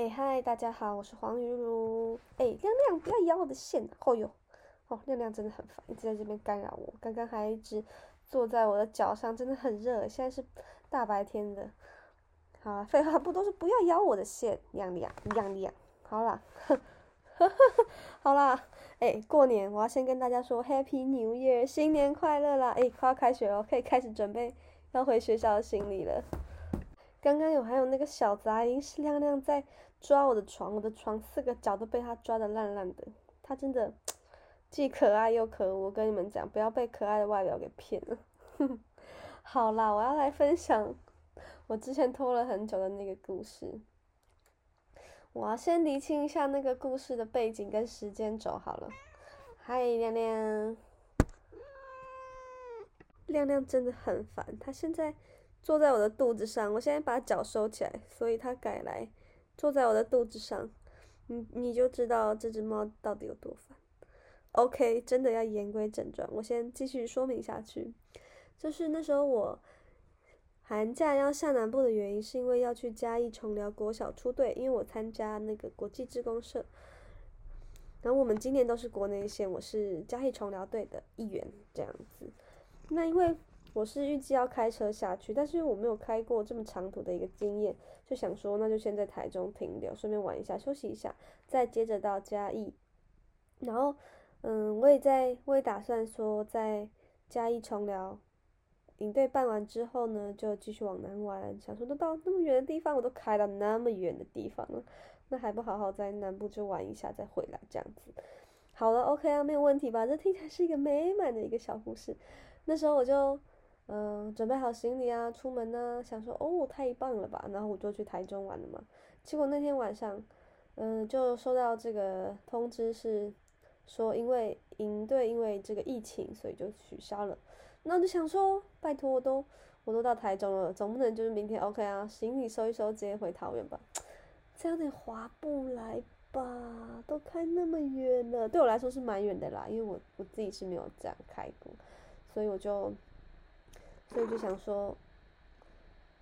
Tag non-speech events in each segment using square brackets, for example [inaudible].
哎嗨，欸、Hi, 大家好，我是黃魚茹，誒、欸、亮亮，不要咬我的線，啊！哦喲哦，亮亮真的很煩，一直在這邊干擾我。剛剛還一直坐在我的腳上，真的很熱。現在是大白天的，好，啊，廢話不多說，不要咬我的線，亮亮，亮亮，好啦，呵呵呵好啦。誒、欸、過年我要先跟大家說，Happy New Year，新年快樂啦！誒、欸、快要開學了，我可以開始準備要回學校的行李了。剛剛有還有那個小雜音、啊、是亮亮在抓我的床，我的床四個角都被他抓得爛爛的。他真的既可愛又可惡，我跟你們講，不要被可愛的外表給騙了。 [laughs] 好啦，我要來分享我之前拖了很久的那個故事。我要先理清一下那個故事的背景跟時間軸好了。嗨，亮亮，亮亮真的很煩，他現在。坐在我的肚子上，我現在把腳收起來，所以它改來坐在我的肚子上。你你就知道這只貓到底有多煩。OK，真的要言歸正傳，我先繼續說明下去。就是那時候我寒假要下南部的原因，是因為要去嘉義重寮國小出隊，因為我參加那個國際志工社。然後我們今年都是國內線，我是嘉義重寮隊的一員這樣子。那因為我是預計要開車下去，但是因為我沒有開過這麼長途的一個經驗，就想說那就先在台中停留，順便玩一下、休息一下，再接着到嘉義。然後，嗯，我也在，我也打算說在嘉義崇寮領隊辦完之後呢，就繼續往南玩。想說都到那麼遠的地方，我都開到那麼遠的地方了，那還不好好在南部就玩一下再回來這樣子。好了，OK 啊，沒有問題吧？這聽起來是一個美滿的一個小故事。那時候我就。嗯、呃，準備好行李啊，出門啊，想說哦，太棒了吧！然後我就去台中玩了嘛。結果那天晚上，嗯、呃，就收到這個通知，是說因為營隊因為這個疫情，所以就取消了。那我就想說，拜託我都我都到台中了，總不能就是明天 OK 啊？行李收一收，直接回桃園吧？這樣你划不來吧？都開那麼遠了，對我來說是蠻遠的啦，因為我我自己是沒有這樣開過，所以我就。所以就想說，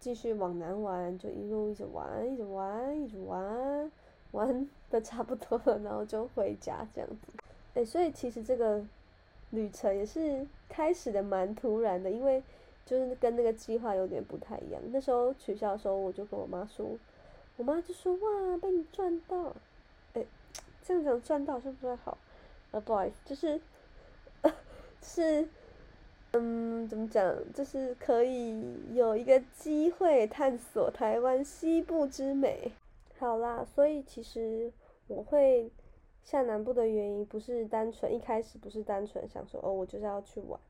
繼續往南玩，就一路一直玩，一直玩，一直玩，玩的差不多了，然後就回家這樣子。哎、欸，所以其實這個旅程也是開始的蠻突然的，因為就是跟那個計劃有點不太一樣。那時候取消的時候，我就跟我媽說，我媽就說：“哇，被你賺到！”哎、欸，這樣講賺到是不是不太好？呃、啊，不好意思，就是是。嗯，怎麼講？就是可以有一個機會探索台灣西部之美，好啦。所以其實我會下南部的原因，不是單純一開始不是單純想說哦，我就是要去玩。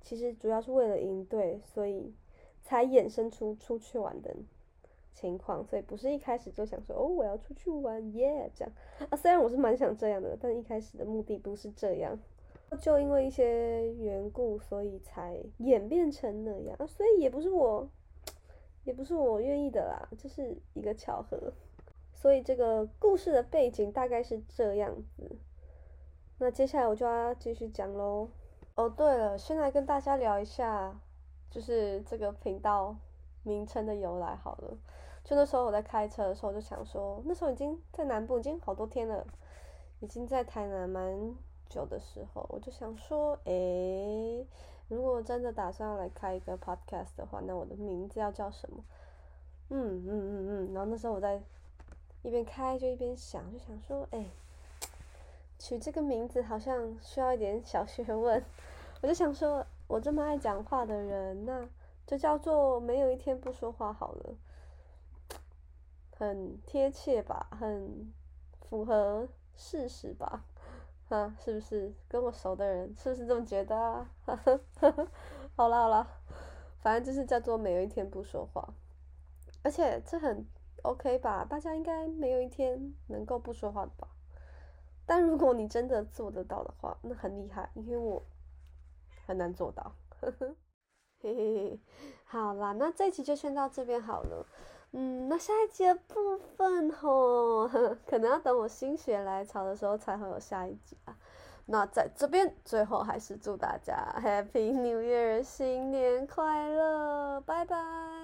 其實主要是為了應對，所以才衍生出出去玩的情況。所以不是一開始就想說哦，我要出去玩，耶、yeah, 這樣、啊。雖然我是蠻想這樣的，但一開始的目的不是這樣。就因為一些緣故，所以才演變成那樣。所以也不是我，也不是我願意的啦，就是一個巧合。所以這個故事的背景大概是這樣子。那接下來我就要繼續講嘍。哦，對了，先來跟大家聊一下，就是這個頻道名稱的由來好了。就那時候我在開車的時候就想說，那時候已經在南部，已經好多天了，已經在台南蠻。久的時候，我就想說：“哎、欸，如果真的打算要來開一個 podcast 的話，那我的名字要叫什麼？”嗯嗯嗯嗯。然後那時候我在一邊開，就一邊想，就想說：“哎、欸，取這個名字好像需要一點小學問。”我就想說：“我這麼愛講話的人，那就叫做沒有一天不說話好了，很貼切吧，很符合事實吧。”啊，是不是跟我熟的人，是不是這麼覺得啊？ [laughs] 好啦好啦，反正就是叫做沒有一天不說話，而且這很 OK 吧？大家應該沒有一天能夠不說話吧？但如果你真的做得到的話，那很厲害，因為我很難做到。 [laughs] 嘿嘿嘿，好啦，那這期就先到這邊好了。嗯，那下一集的部分吼，可能要等我心血來潮的時候才會有下一集啊。那在這邊，最後還是祝大家 Happy New Year，新年快樂，拜拜。